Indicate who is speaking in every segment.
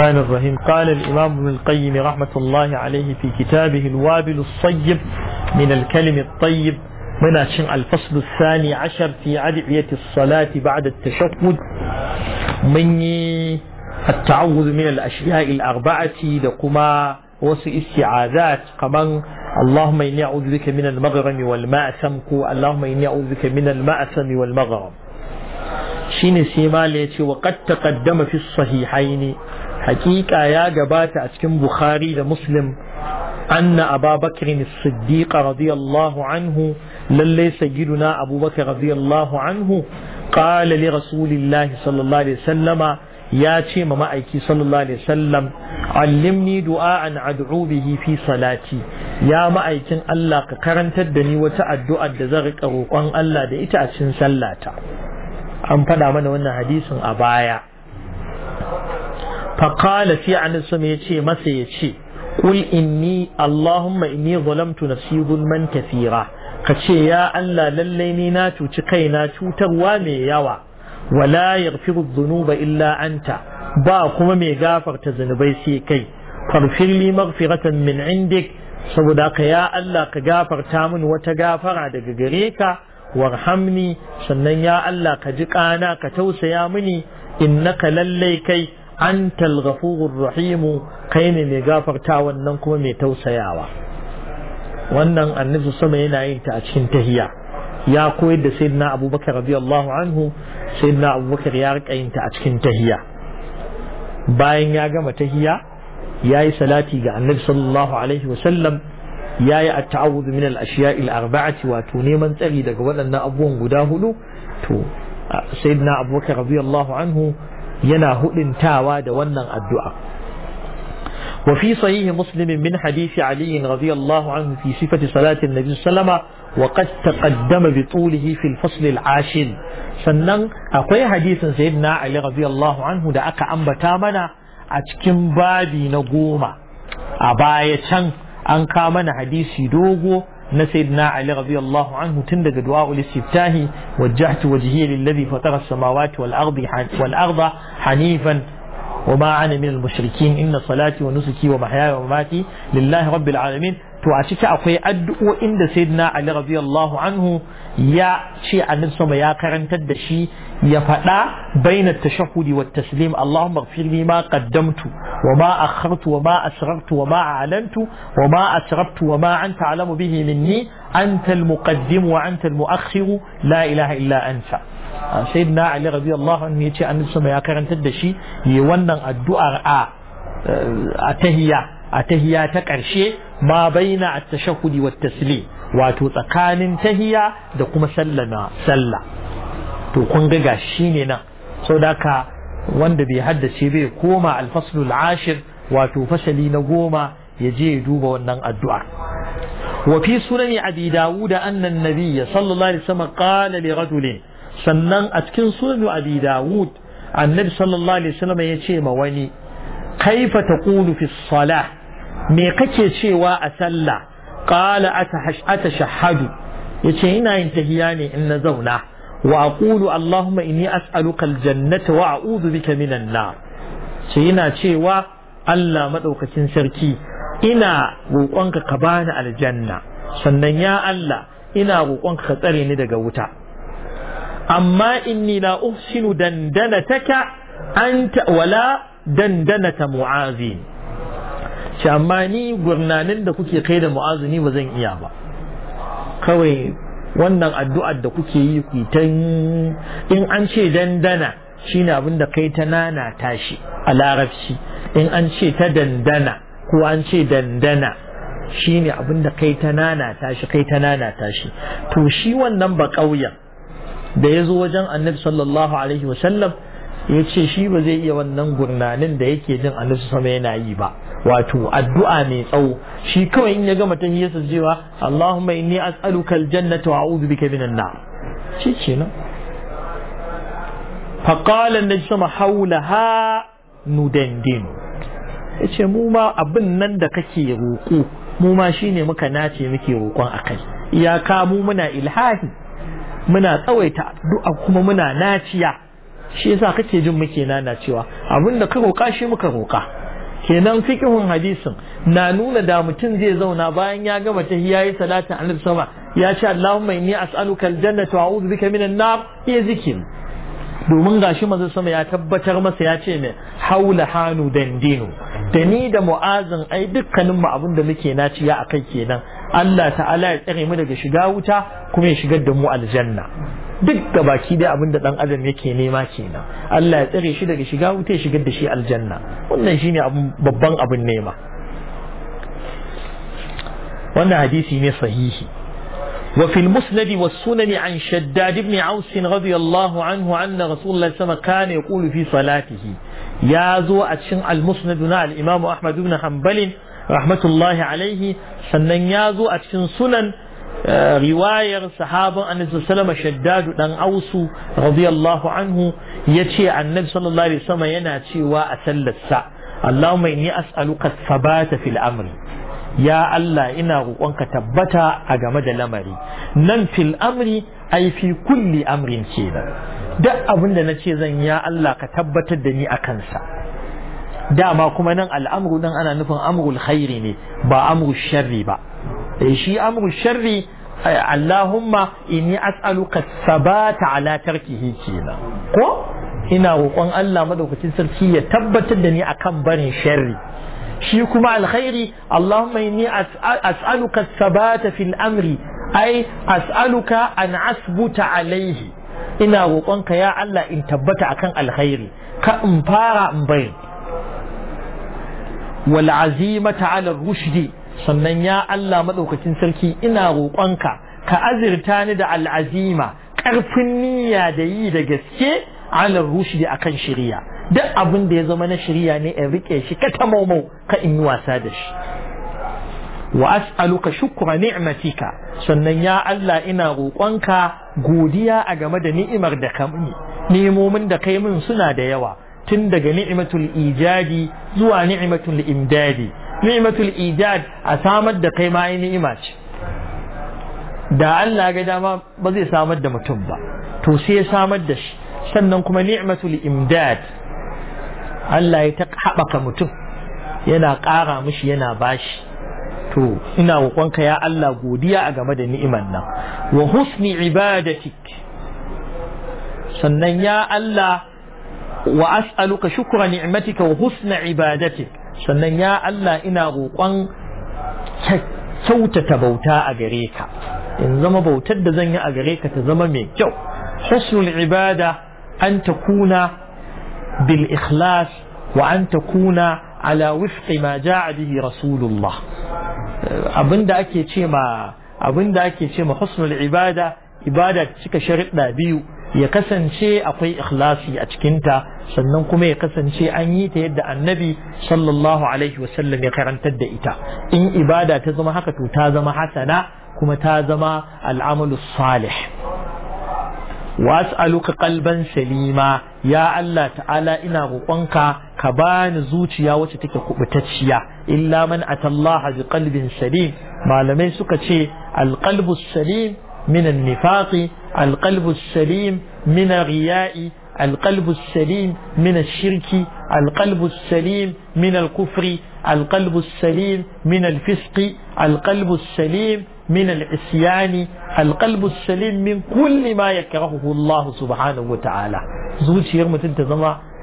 Speaker 1: الرحمن الرحيم قال الإمام ابن القيم رحمة الله عليه في كتابه الوابل الصيب من الكلم الطيب من أشن الفصل الثاني عشر في أدعية الصلاة بعد التشهد من التعوذ من الأشياء الأربعة لكما استعاذات كمان اللهم إني أعوذ بك من المغرم والمأثم اللهم إني أعوذ بك من المأثم والمغرم شين سيمالي وقد تقدم في الصحيحين hakika ya gabata a cikin bukhari da muslim anna ababakar siddiq radiyallahu anhu lallai sayyiduna abubakar radiyallahu anhu qala li rasulillahi sallallahu alaihi wasallama ya ce ma ma'aiki sallallahu alaihi wasallam allimni du'a'an ad'u bihi fi salati ya ma'aikin Allah ka karantar da ni wata addu'ar da zan rika roƙon Allah da ita a cikin sallata an faɗa mana wannan hadisin a baya faƙala fi an su ce masa ya ce kul inni allahumma inni zalamtu nafsi zulman kathira ka ce ya allah lallai ni na cuci kaina cutarwa mai yawa wala yaghfiru dhunuba illa anta ba kuma mai gafarta zanubai sai kai farfir li min indik saboda ka ya allah ka gafarta min wata gafara daga gareka ka warhamni sannan ya allah ka ji kana ka tausaya mini ka lallai kai antal ghafurur rahimu kai ne mai gafarta wannan kuma mai tausayawa wannan annabi sama yana yin ta a cikin tahiya. ya koyar da sayyidina abubakar radiyallahu anhu sayyidina abubakar ya rika yin ta a cikin tahiya. bayan ya gama tahiya ya yi salati ga annabi sallallahu alaihi wasallam ya yi at-ta'awudhu min al-ashiya'i al-arba'ati wato neman tsari daga waɗannan abubuwan guda hudu to sayyidina abubakar radiyallahu anhu yana hudintawa da wannan addu'a wafi صحيح muslimin min حديث علي رضي الله عنه في صفة صلاة النبي صلى الله عليه وسلم وقد sannan akwai hadisin sayyidina Ali radiyallahu da aka ambata mana a cikin babi na goma a baya can an ka mana hadisi dogo na sayyidina ali radiyallahu anhu tun daga du'a ul istiftahi wajjahtu wajhi lillazi fatara as-samawati wal ardi wal arda hanifan وما أنا salati wa nusuki wa ونسكي wa ومماتي lillahi رب العالمين to a ciki akwai addu'o'in da sayyidina Ali radiyallahu anhu ya ce annabi sama ya karantar da shi ya faɗa baina tashahudi wa taslim Allahumma ighfir ma qaddamtu wa ma akhartu wa ma asrartu wa ma a'lantu wa ma asraftu wa ma anta alamu bihi minni anta al-muqaddim wa anta al la ilaha illa anta ah, sayyidina ali radiyallahu anhu yace annabi sama ya karantar da shi yi wannan addu'a a eh, a tahiyya a tahiyya ta karshe ma baina at-tashahudi wa taslim wato tsakanin tahiya da kuma sallama sallah to kun ga ne nan sau da ka wanda bai haddace bai koma alfaslul ashir wato fasali na goma ya je ya duba wannan addu'a wa fi sunani abi dawud annan nabiyya sallallahu alaihi wasallam qala li rajulin sannan a cikin sunan abi dawud annabi sallallahu alaihi wasallam ya ce ma wani kaifa taqulu fi salah me kake cewa a sallah qala atashahadu yace ina yin tafiya ne in na zauna وأقول اللهم إني أسألك الجنة وأعوذ بك من النار شينا شيوا ألا مدوكة سركي إنا روقانك كبان الجنة sannan ya Allah ina roƙon ka tsare ni daga wuta amma inni la uhsinu dandanataka anta wala dandanata mu'azin ce amma ni gurnanin da kuke kai da mu'azini ba zan iya ba kawai wannan addu'ar da kuke yi ku ta in an ce dandana shine abin da kai ta nana tashi a larabci in an ce ta dandana ko an ce dandana shine abin da kai ta nana tashi kai ta nana tashi to shi wannan ba ƙauyen da ya zo wajen annabi sallallahu alaihi wasallam ya ce shi ba zai iya wannan gurnanin da yake jin a annabi sama yana yi ba wato addu'a mai tsawo shi kawai in ya gama ta hiyarsa cewa Allahumma inni as'aluka aljannata wa a'udhu bika minan nar shi kenan fa qala annabi sama haulaha nudandin yace mu ma abin nan da kake roƙo mu ma shine muka nace muke roƙon akai iyaka mu muna ilhahi muna tsawaita addu'a kuma muna naciya shi yasa kake jin muke nana cewa abinda ka roka shi muka roka kenan fiqhun hadisin na nuna da mutum zai zauna bayan ya gama tahiyayi yi salatin annabi sama ya ce Allahumma inni as'aluka aljannata wa a'udhu bika minan nar ya zikir domin gashi manzo sama ya tabbatar masa ya ce ne haula hanu dandinu da ni da mu'azin ai dukkanin mu abin da muke ya akai kenan Allah ta'ala ya tsare mu daga shiga wuta kuma ya shigar da mu aljanna duk baki dai abin da dan adam yake nema kenan Allah ya tsare shi daga shiga wuta ya shigar da shi aljanna wannan shine abin babban abin nema wannan hadisi ne sahihi wa fil musnad wa sunan an shaddad ibn radiyallahu anhu anna rasulullah sallallahu alaihi wasallam kana yaqulu fi salatihi ya zo a cikin al na al imam ahmad ibn hanbal rahmatullahi alaihi sannan ya zo a cikin sunan Eh, riwayar sahaban annabi sallama shaddadu dan ausu radiyallahu anhu yace annabi sallallahu alaihi wasallam yana cewa a sallarsa Allahumma inni as'aluka thabata fil amri ya Allah ina roƙonka tabbata a game da lamari nan fil amri ai fi kulli amrin kenan duk abin da nace zan ya Allah ka tabbatar da ni a kansa dama kuma nan al'amuru nan ana nufin amrul khairi ne ba amrul sharri ba Eh, shi amru sharri eh, Allahumma inni as'aluka sabata ala tarkihi kenan ko ina roƙon Allah madaukakin sarki ya tabbatar da ni akan barin sharri shi kuma alkhairi Allahumma inni as'aluka sabata fil amri ai as'aluka an asbuta alaihi ina ka ya Allah in tabbata akan alkhairi ka in fara in bai wal azimata ala rushdi sannan ya Allah maɗaukacin sarki ina roƙonka ka azirta ni da al'azima ƙarfin niyya da yi da gaske ala rushdi akan shirya duk abin da ya zama na shiriya ne in rike shi ka ta tamaumau ka in yi wasa da shi wa as'aluka shukra ni'matika sannan ya Allah ina roƙonka godiya a game da ni'imar da ka nemomin da kai min suna da yawa tun daga ni'matul ijadi zuwa ni'matul imdadi ni'matul ijad a samar da kai ma yi ni'ima ce da Allah ga dama ba zai samar da mutum ba to sai ya samar da shi sannan kuma ni'matul imdad Allah ya ta haɓaka mutum yana ƙara mishi yana bashi to ina roƙonka ya Allah godiya a game da ni'iman nan wa husni ibadatik sannan ya Allah wa as'aluka shukra ni'matika wa husna ibadatik sannan ya Allah ina roƙon kyautata bauta a gare ka in zama bautar da zan yi a gare ka ta zama mai kyau husnul ibada an kuna bil ikhlas wa an takuna ala wifqi ma ja'a bihi rasulullah abinda ake ce ma abinda ake ce ma husnul ibada ibada cika sharuɗa biyu ya kasance akwai ikhlasi a cikinta sannan kuma ya kasance an yi ta yadda annabi sallallahu alaihi wasallam ya karantar da ita in ibada ta zama haka to ta zama hasana kuma ta zama al'amalu salih was'aluka qalban salima ya Allah ta'ala ina roƙonka ka bani zuciya wacce take kubutacciya illa man atallaha bi qalbin salim malamai suka ce alqalbu salim min an-nifaqi القلب السليم من الرياء القلب السليم من الشرك القلب السليم من الكفر القلب السليم من الفسق القلب السليم من العصيان القلب السليم من كل ما يكرهه الله سبحانه وتعالى زوجي mutum ta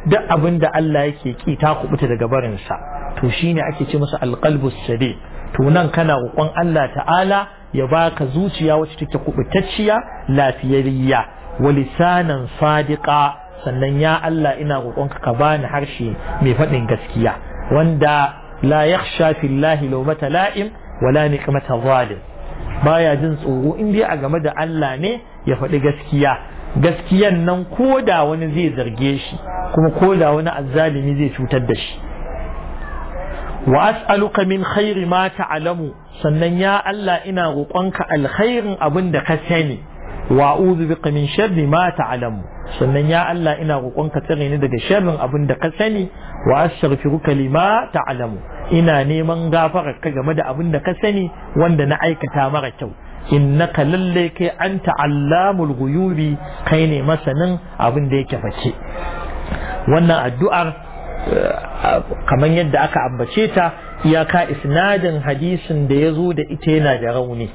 Speaker 1: دع أبن دع الله يكي yake ki ta kubuta daga barinsa to shine ake ce masa alqalbus salim to ya baka zuciya wacce take kubutacciya lafiyayya walisanan lisanan sadiqa sannan ya Allah ina roƙonka ka bani harshe mai faɗin gaskiya wanda la yakhsha fillahi lawmata la'im wala niqmata zalim baya jin tsoro in dai a game da Allah ne ya faɗi gaskiya gaskiyan nan koda wani zai zarge shi kuma koda wani azzalimi zai cutar da shi wa as'aluka min khairi ma ta'lamu sannan ya Allah ina roƙonka alkhairin abin da ka sani wa a'udhu bika min sharri ma ta'lamu sannan ya Allah ina roƙonka tsare ni daga sharrin abin da ka sani wa astaghfiruka lima ta'lamu ina neman gafarar ka game da abin da ka sani wanda na aikata mara kyau innaka lalle kai anta allamul ghuyubi kai ne masanin abin da yake face wannan addu'ar kamar yadda aka ambace ta iyaka isnadin hadisin da ya zo da ita yana da rauni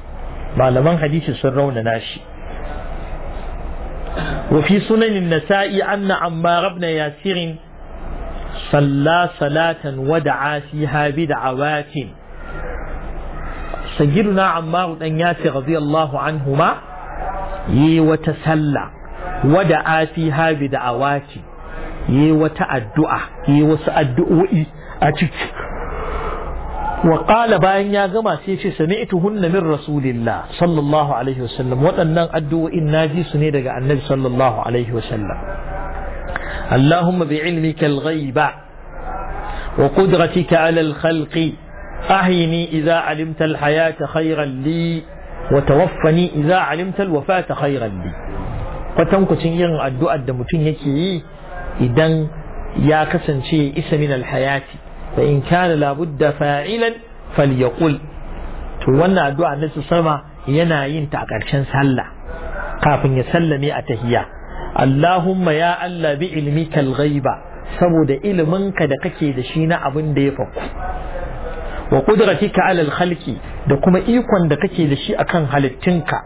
Speaker 1: malaman hadisi sun raunana shi وفي سنن النساء أن عمار بن ياسر صلى صلاة ودعا فيها بدعوات سيدنا عمار بن ياسر رضي الله عنهما يوتسلى ودعا فيها بدعوات yi wata addu'a yi wasu addu'o'i a ciki وقال bayan ya gama sai ce hunna min rasulillah sallallahu alaihi wasallam waɗannan addu'o'in naji su ne daga annabi sallallahu alaihi wasallam allahumma bi wa اللهم بعلمك الغيب وقدرتك على الخلق أحيني إذا علمت الحياة خيرا لي وتوفني إذا علمت الوفاة خيرا yin فتنكو da الدعاء yake yi idan ya kasance isa min alhayati fa in kana labudda fa'ilan falyaqul to wannan addu'a na sama yana yin ta a ƙarshen sallah kafin ya sallame a tahiyya Allahumma ya Allah bi ilmika al-ghaiba saboda iliminka da kake da shi na abin da ya fakku wa qudratika ala al-khalqi da kuma ikon da kake da shi akan halittunka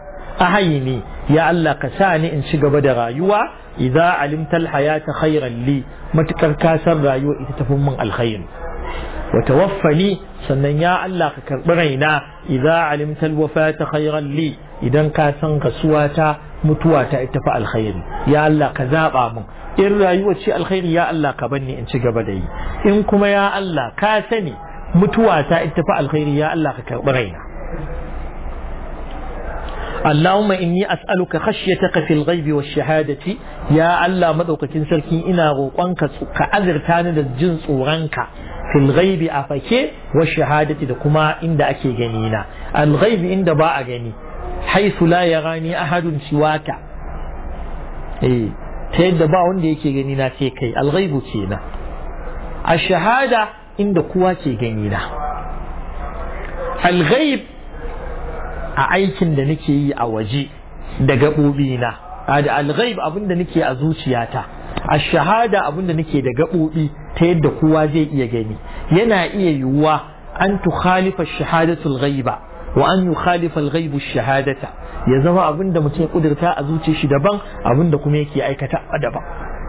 Speaker 1: ne ya Allah ka sa ni in ci gaba da rayuwa idza alimta alhayata khayran li matakar ka san rayuwa ita tafi min alkhairi wa tawaffani sannan ya Allah ka karbi raina idza alimta alwafata khayran li idan ka san rasuwata mutuwata ita tafi alkhairi ya Allah ka zaba min in rayuwa ce alkhairi ya Allah ka banni in ci gaba da yi in kuma ya Allah ka sani mutuwata ita tafi alkhairi ya Allah ka karbi raina Allahumma inni as'aluka khashyataka fil ghaibi wash shahadati ya Allah maɗaukacin sarki ina roƙonka ka azurta ni da jin tsoronka fil ghaibi a fake wash shahadati da kuma inda ake gani na al inda ba a gani haythu la rani ahadun siwaka eh ta yadda ba wanda yake gani na sai kai al ghaibu kenan a shahada inda kowa ke gani na al a aikin da nake yi a waje da na. a da alghaib abin da nake a zuciyata a shahada abin da nake da gaɓoɓi ta yadda kowa zai iya gani yana iya yiwuwa an tukhalifa shahadatul ghaiba wa an yukhalifa al-ghaibu shahadata ya zama abin da mutum ya kudurta a zuciyar shi daban abin da kuma yake aikata daban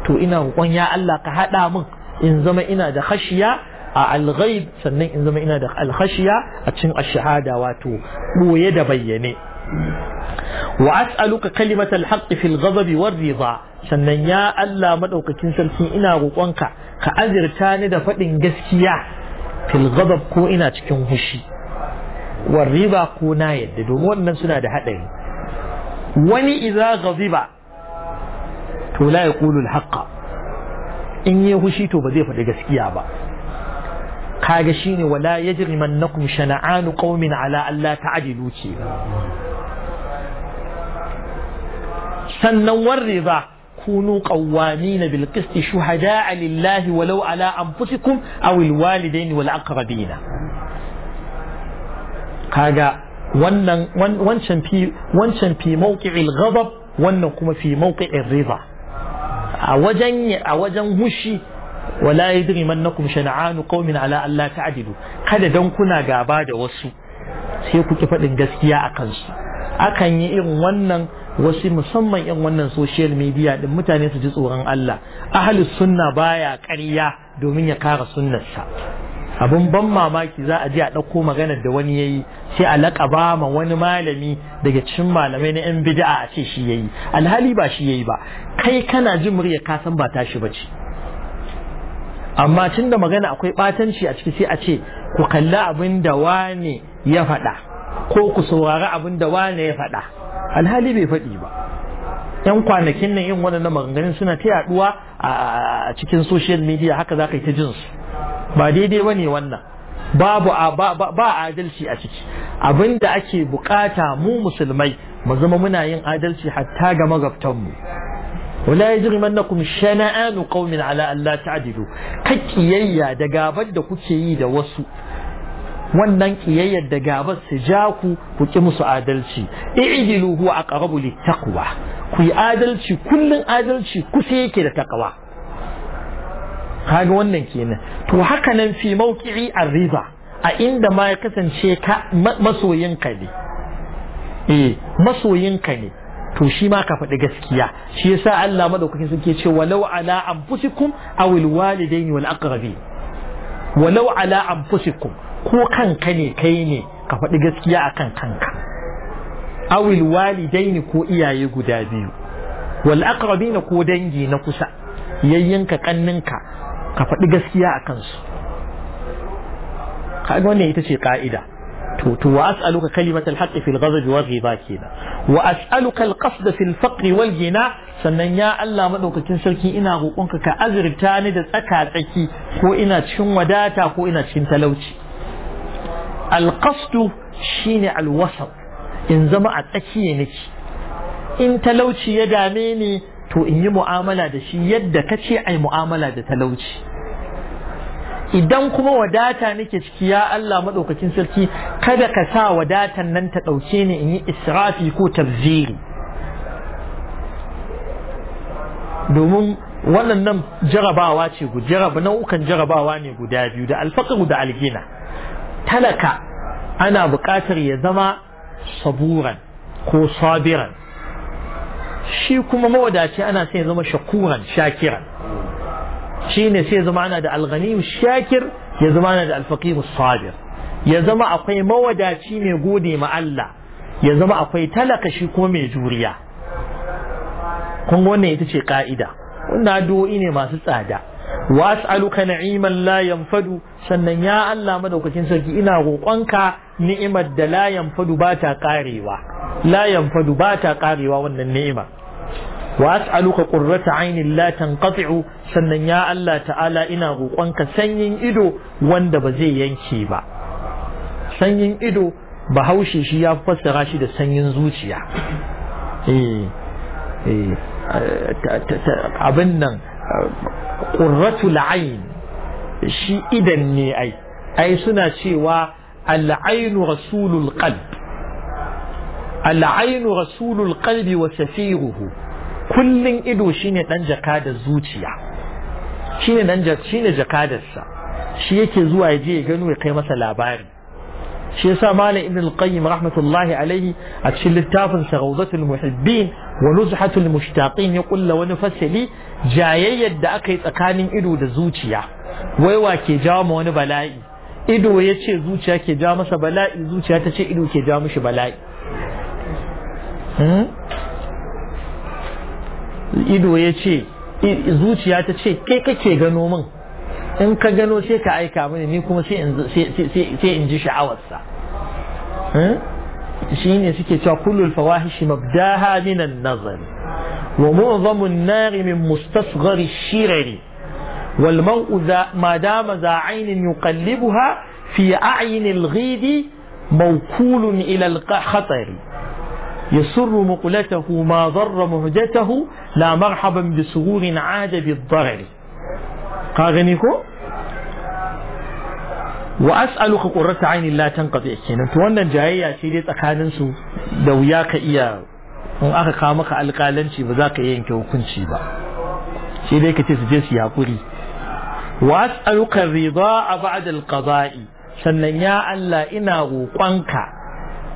Speaker 1: to ina roƙon ya Allah ka haɗa min in zama ina da khashiya a alghaib sannan in zama ina da alkhashiya a cikin ashahada wato boye da bayyane wa as'aluka kalimat alhaq fi alghadab warida sannan ya Allah madaukakin sarki ina roƙonka ka azirta ni da faɗin gaskiya fil ghadab ko ina cikin hushi warida ko na yadda domin wannan suna da haɗari wani idza ghadiba to la yaqulu alhaqa in yi hushi to ba zai faɗi gaskiya ba kaga shine wala yajrimannakum shana'anu qaumin ala alla ta'dilu ce sannan warriba كونوا قوامين بالقسط شهداء لله ولو على أنفسكم أو الوالدين والأقربين كاجا وانشن في وانشن في موقع الغضب وانكم في موقع الرضا أوجن أوجن هشي wala yajrimannakum shana'anu qaumin ala alla ta'dilu kada dan kuna gaba da wasu sai ku ki faɗin gaskiya a kansu akan yi irin wannan wasu musamman irin wannan social media din mutane su ji tsoron Allah ahli sunna baya ƙarya domin ya kara sunnarsa abun ban mamaki za a ji a ɗauko maganar da wani yayi sai a laƙaba ma wani malami daga cikin malamai na yan bid'a a ce shi yayi alhali ba shi yayi ba kai kana jin murya ka san ba tashi bace amma tun da magana akwai ɓatanci a ciki sai a ce ku kalli abin da wane ya faɗa ko ku saurari abin da wane ya faɗa alhali bai faɗi ba yan kwanakin nan yin waɗannan maganganun suna ta yaɗuwa a cikin social media haka za ka yi ta jin ba daidai ba ne wannan babu ba adalci a ciki abin da ake bukata mu musulmai mu zama muna yin adalci hatta ga magabtanmu wala yajrimannakum shana'anu qaumin ala an la ta'dilu kakiyayya da gabar da kuke yi da wasu wannan kiyayyar da gabar su ja ku ku ki musu adalci i'dilu huwa aqrabu littaqwa ku yi adalci kullun adalci kusa yake da taqwa kaga wannan kenan to haka nan fi mawqi'i ar-riba a inda ma ya kasance ka masoyinka ne eh masoyinka ne to shi ma ka faɗi gaskiya shi yasa Allah madaukakin suke ce walau ala anfusikum aw alwalidaini wal aqrabi walau ala anfusikum ko kanka ne kai ne ka faɗi gaskiya akan kanka aw alwalidaini ko iyaye guda biyu wal aqrabina ko dangi na kusa yayyanka kanninka ka faɗi gaskiya akan su kaga wannan ita ce ka'ida to to wa as'aluka kalimatal haqqi fil ghadabi wa ghiba kenan wa as'aluka al-qasda fil faqri wal ghina sannan ya Allah madaukakin sarki ina roƙonka ka azurta ni da tsaka tsaki ko ina cikin wadata ko ina cikin talauci al shine al in zama a tsakiye nake in talauci ya dame ni to in yi mu'amala da shi yadda kace ai mu'amala da talauci idan kuma wadata nake ciki ya Allah madaukakin sarki kada ka sa wadatan nan ta ɗauke ni in yi israfi ko tabziri domin wannan nan jarabawa ce jaraba nau'ukan jarabawa ne guda biyu da alfaƙaru da algina talaka ana buƙatar ya zama saburan ko sabiran shi kuma mawadaci ana sai ya zama shakuran shakiran shi ne sai ya zama ana da alghaniyu shakir ya zama ana da alfaqiru sabir ya zama akwai mawadaci mai gode ma Allah ya zama akwai talaka shi kuma mai juriya kun wannan ita ce ka'ida wannan addu'o'i ne masu tsada was'aluka na'iman la yanfadu sannan ya Allah madaukakin sarki ina roƙonka ni'imar da la yanfadu ba ta karewa la yanfadu ba ta karewa wannan ni'ima was'aluka qurrata ainin la tanqati'u sannan ya Allah ta'ala ina roƙonka sanyin ido wanda ba zai yanke ba sanyin ido bahaushe shi ya fassara shi da sanyin zuciya eh, eh, abin nan ƙurratul la'ayin shi idan ne ai ai suna cewa al'ainu rasulul qalb al'ainu rasulul qalbi wa safiruhu Kullum ido shine dan jaka da zuciya shine dan jaka shine jakadarsa shi yake zuwa ya je ya gano ya kai masa labari shi yasa malam ibn al-qayyim rahmatullahi alaihi a cikin littafin sa rawdatul muhibbin wa nuzhatul mushtaqin ya kulla wani fasali jayayyar da aka yi tsakanin ido da zuciya wai wa ke jawo ma wani bala'i ido ya ce zuciya ke jawo masa bala'i zuciya ta ce ido ke jawo mishi bala'i hmm? ido ya ce zuciya ta ce kai kake gano min in ka gano sai ka aika mini ni kuma sai in ji sha'awarsa shi ne suke cewa kullul fawahishi mabdaha minan nazar wa mu'zamun nari min mustasghari shirari wal mar'u ma dama za ainin yuqallibuha fi a'yin al-ghidi ila al الخطر يسر مقلته ما ضر مهجته لا مرحبا بسرور عاد بالضرر ka gani ko wa as'aluka qurrata ayni la tanqati kenan to wannan jayayya ce dai tsakanin su da wuya ka iya in aka kawo maka alƙalanci ba za ka iya yanke hukunci ba sai dai ka ce su je su yaƙuri wa as'aluka ridha ba'da al sannan ya Allah ina roƙonka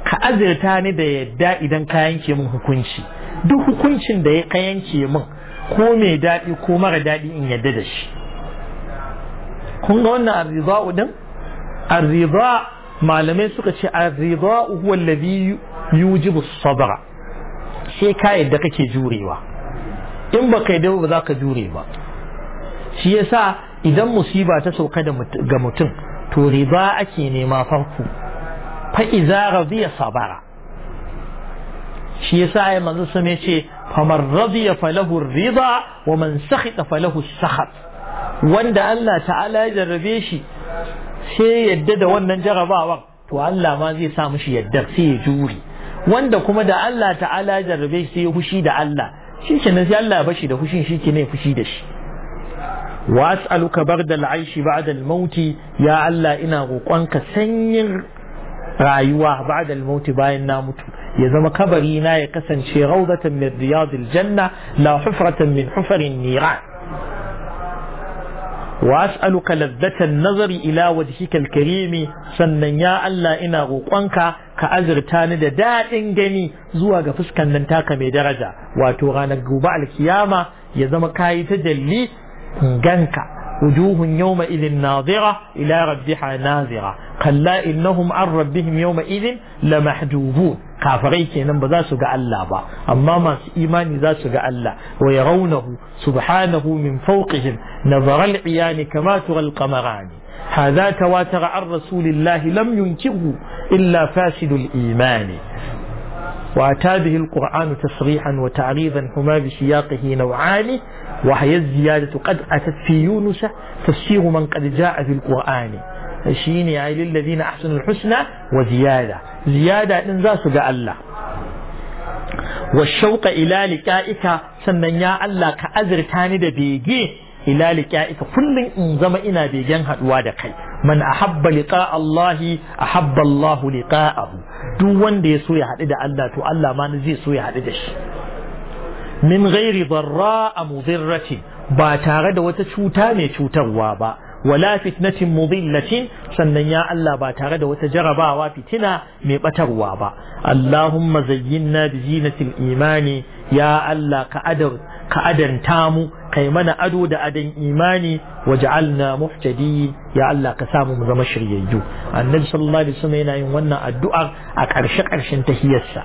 Speaker 1: ka azirta ni da yadda idan ka yanke min hukunci duk hukuncin da ya ka yanke min ko mai daɗi ko mara daɗi in yadda da shi kun ga wannan arriza'u din arriza'u malamai suka ce arriza'u huwa alladhi yujibu sabra sai ka yadda kake jurewa in ba ka yadda ba za ka jure ba shi yasa idan musiba ta sauka ga mutum to riba ake nema farko fa iza radiya sabara shi yasa ya manzo sun ce famar radiya falahu riba wa man sakhita falahu sakhat wanda Allah ta'ala ya jarrabe shi sai yadda da wannan jarrabawar to Allah ma zai sa mishi yadda sai ya jure wanda kuma da Allah ta'ala ya jarrabe shi sai ya fushi da Allah shi kenan sai Allah ya bashi da fushin shi kenan ya fushi da shi wa as'aluka bardal aishi ba'da al maut ya Allah ina roƙonka sanyin rayuwa ba'da al maut bayan na mutu ya zama kabari na ya kasance rawdatan min riyadil janna la hufratan min hufarin niran وأسألك لذة النظر إلى وجهك الكريم سنن يا الله إنا غوقنك كأزر تاند دات إنجني زوا غفسك ننتاك مدرجة واتوغانا قبع الكيامة يزم كاي تجلي غنك وجوه يومئذ ناظرة إلى ربها ناظرة كلا إنهم عن ربهم يومئذ لمحجوبون kafirai kenan ba za su ga Allah ba amma masu imani za su ga Allah wa yarawnahu subhanahu min fawqihim nazara al-iyani kama tura al-qamarani hadha tawatara an rasulillahi lam yunkihu illa fasidul imani وأتى به القرآن تصريحا وتعريضا هما بسياقه نوعان وهي الزيادة قد أتت في يونس تفسير من قد جاء في القرآن shine ya lil na ahsanul husna wa ziyada ziyada din za su ga Allah wa shauqa ila liqa'ika sannan ya Allah ka azurta ni da bege ila liqa'ika kullun in zama ina begen haduwa da kai man ahabba liqa Allah ahabba Allah liqa'ahu duk wanda ya so ya hadu da Allah to Allah ma zai so ya hadu da shi min ghairi darra mudirrati ba tare da wata cuta mai cutarwa ba wala fitnatin mudillatin sannan ya Allah ba tare da wata jarabawa fitina mai batarwa ba Allahumma zayyinna bi zinatil imani ya Allah ka adar ka adanta mu kai mana ado da adan imani waj'alna muhtadin ya Allah ka samu mu zama shiryayyu annabi sallallahu alaihi wasallam yana yin wannan addu'a a karshe karshen tahiyarsa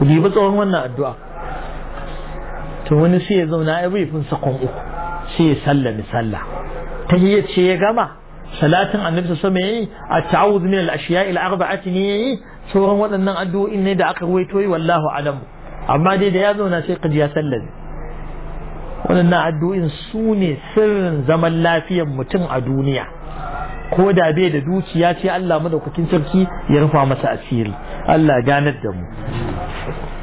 Speaker 1: ku bi tsawon wannan addu'a to wani sai ya zauna ya bai fin sakon uku sai ya sallami sallah tahiyya ce ya gama salatin annabi sa mai at-ta'awudh min al-ashiya' al-arba'ati ne sauran waɗannan addu'o'in ne da aka ruwaito yi wallahu alam amma dai da ya zauna sai kaji ya waɗannan addu'o'in su ne sirrin zaman lafiyar mutum a duniya ko da bai da dukiya ce Allah madaukakin sarki ya rufa masa asiri Allah ganar da
Speaker 2: mu